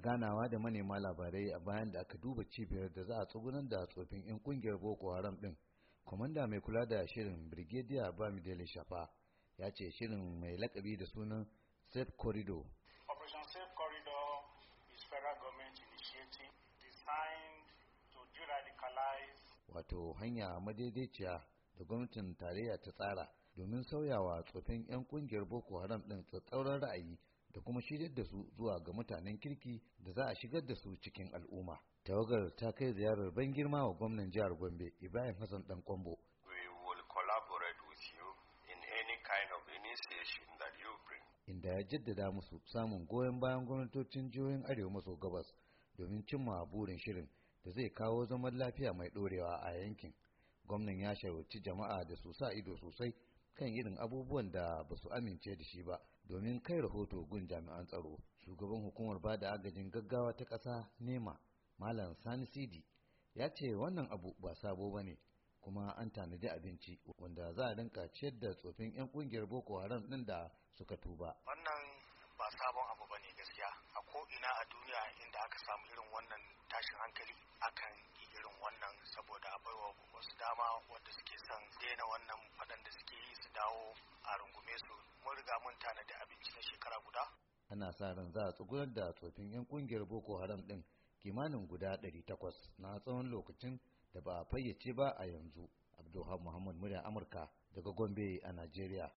ganawa da manema labarai a bayan da aka duba cibiyar da za a tsugunan da tsofin 'yan kungiyar boko haram din kwamanda mai kula da shirin brigadier dele shafa ya ce shirin mai lakabi da sunan safe corridor operation safe corridor is federal government initiative designed to radicalize. wato hanya madaidaiciya da gwamnatin tarayya ta tsara domin sauyawa tsofin 'yan kungiyar boko haram din tsatsauran ra'ayi da kuma shiryar da su zuwa ga mutanen kirki da za a shigar da su cikin al'umma tawagar ta kai ziyarar ban girma wa gwamnan jihar gombe ibrahim hassan dan kwambo inda ya jaddada musu samun goyon bayan gwamnatocin jihohin arewa maso gabas domin cimma burin shirin da zai kawo zaman lafiya mai ɗorewa a yankin gwamnan ya shawarci jama'a da su sa ido sosai kan irin abubuwan da ba su amince da shi ba domin kai rahoto gun jami'an tsaro shugaban hukumar ba da agajin gaggawa ta ƙasa nema malam sani sidi ya ce wannan abu ba sabo ba ne kuma an tanadi abinci wanda za a dinka ciyar da tsofin 'yan kungiyar boko haram ɗin da suka tuba wannan ba sabon abu ba ne gaskiya a ko ina a duniya inda aka samu irin wannan tashin hankali akan irin wannan saboda a wasu dama wanda suke son daina wannan dawo a rungume su mun riga mun tanadi abinci na shekara guda ana sa ran za a tsugunar da tsofin 'yan kungiyar boko haram din kimanin guda 800 na tsawon lokacin da ba a fayyace ba a yanzu abdulhamu muhammad murya amurka daga gombe a najeriya